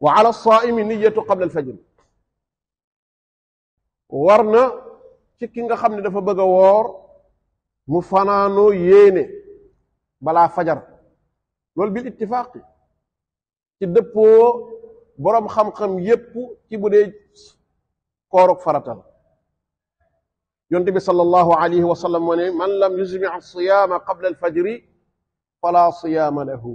وعلى الصائم niyyatu yettu qabla alfajr war na ci ki nga xam ne dafa bëgg a woor mu fanaanoo yéene balaa fajar loolu bil ittifaaqi ci dëppoo boroom xam-xam yépp ci bu dee koorug farata yonte bi sallallahu alayhi wa sallam moo ne man lam yusmi asiyaama qabla alfajri fala siyaama lahu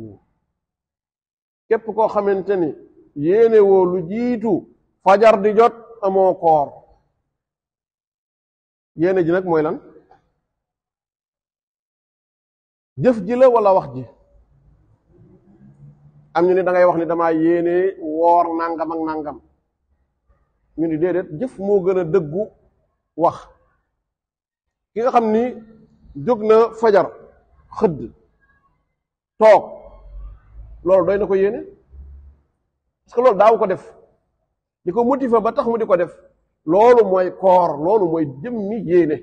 képp koo xamante ni yéene woo lu jiitu fajar di jot amoo koor yéene ji nag mooy lan jëf ji la wala wax ji am ñu ne dangay wax ni dama yéene woor nangam ak nangam ñu ni déedéet jëf moo gën a dëggu wax ki nga xam ni jóg na fajar xëdd toog loolu doy na ko yéene parce que loolu daaw ko def li ko fa ba tax mu di ko def loolu mooy koor loolu mooy jëmmi yéene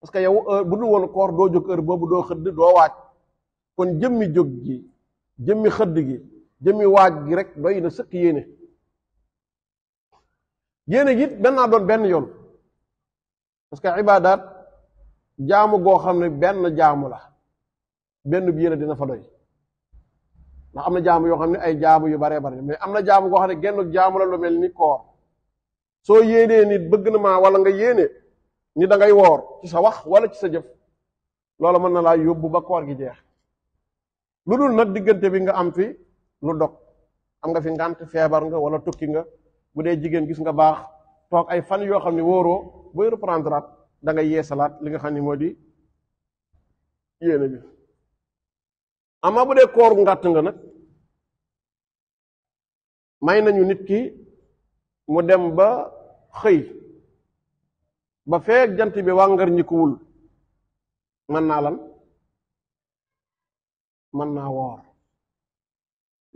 parce que yow heure bu dul woon koor doo jóg heure boobu doo xëdd doo waaj kon jëmmi jóg gi jëmmi xëdd gi jëmmi waaj gi rek doy na sëkk yéene yéene gi it benn doon benn yoon parce que ibaadaat jaamu goo xam ne benn jaamu la benn bi yéene dina fa doy ndax jamu jaamu yo xamni ay jaamu yu bare bare mais amna jaamu goo xamni gennu jaamu la lu melni ni so yene nit bëgg na ma wala nga yene ni da ngay wor ci sa wax wala ci sa jëf loola mën na la yobbu ba koor gi jeex lu dul nag diggante bi nga am fi lu dog am nga fi ngant febar nga wala tukki nga bu dee jigéen gis nga baax toog ay fan yoo xam wóoroo booy reprendre da nga yeesalaat li nga xam moo di yéene bi amaa bu dee koor ngàtt nga nag may nañu nit ki mu dem ba xëy ba feek jant bi wàngar ñikuwul mën naa lan mën naa woor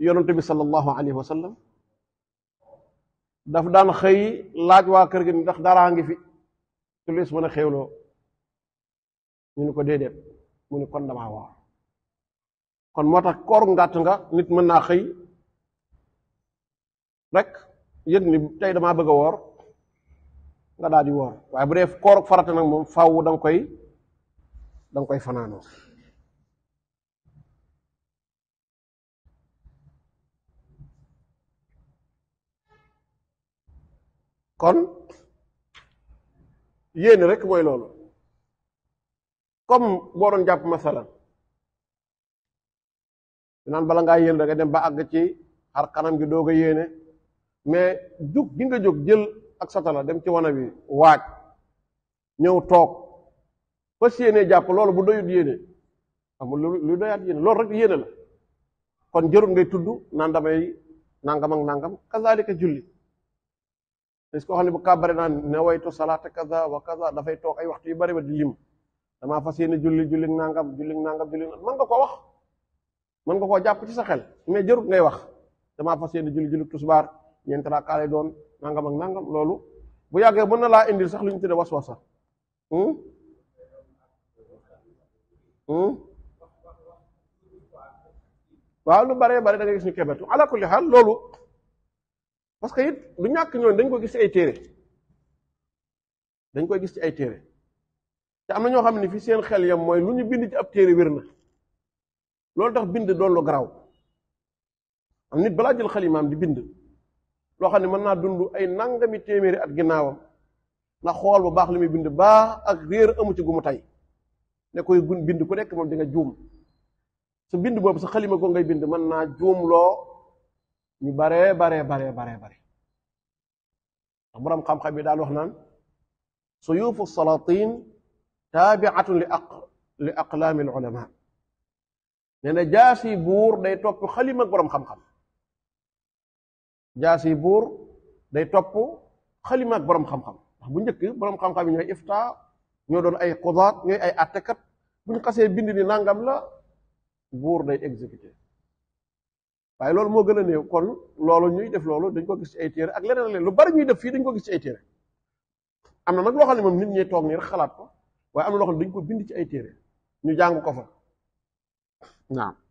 yonent bi sallallahu alayhi wa sallam daf daan xëy laaj waa kër gi ndax daraa ngi fi su lees mën a xéwloo ñu ni ko déedéet mu ni kon damaa woor kon moo tax kooru ngàtt nga nit mën naa xëy rek yëg ni tey damaa bëgg a woor nga daal di woor waaye bu dee kooru farata nag moom faw da koy da koy fanaanoo kon yéene rek mooy loolu comme boo doon jàpp masalan ñu naan bala ngaa yéen da nga dem ba àgg ci xar kanam gi doog a yéene mais jóg gi nga jóg jël ak satala dem ci wana bi waaj ñëw toog fas yéene jàpp loolu bu doyut yéene amul lu doyaat yéene loolu rek ngay tudd naan damay nangam ak nangam kazalika julli est-ce bu kàbbare naan newaytu salaata kaza wa kaza dafay toog ay waxtu yu bari di lim damaa fas yéene julli julli nangam julli nangam julli nangam mën nga ko wax man nga ko japp ci sa xel mais jërut ngay wax damaa fas jul julli tusbar ñent ñeenti raakaale doon nangam ak nangam lolu bu yagge mën na la indi sax lu waswasa hmm hmm waaw lu bare bare da nga gis ñu kebetu ala kulli hal lolu parce que yit lu ñak ñoon dañ ko gis ci ay téré dañ ko gis ci ay téré te am na ñoo xam fi seen xel yam moy lu ñu bind ci ab téré wërna loolu tax bind doon lu garaaw am nit balaa jël xalimaam di bind loo xam ne mën naa dund ay nangami téeméeri ak ginnaawam na xool bu baax lu muy bind baa ak réer amu ci gu mu tey ne koy gun bind ku nekk moom di nga juum sa bind boobu sa xalima ko ngay bind mën naa juum loo ñu baree baree baree baree bare ndax boroom xam-xam yi daal wax naan suyuufu salaatin taabiatun li aq li aqlaami al ulama nee na jaasi buur day topp xalima boroom xam-xam jaasi buur day topp xalima ak boroom xam-xam ndax bu njëkk boroom xam-xam yi ñooy ifta ñoo doon ay xudaat ñooy ay àttekat bu ñu xasee bind ni nangam la buur day exécuté waaye loolu moo gën a néew kon loolu ñuy def loolu dañ ko gis ci ay téere ak leneen leneen lu bari ñuy def fii dañ ko gis ci ay téere am na nag loo xam ne moom nit ñi toog nii rek xalaat ko waaye am na loo xam dañ ko bind ci ay téere ñu jàng ko fa No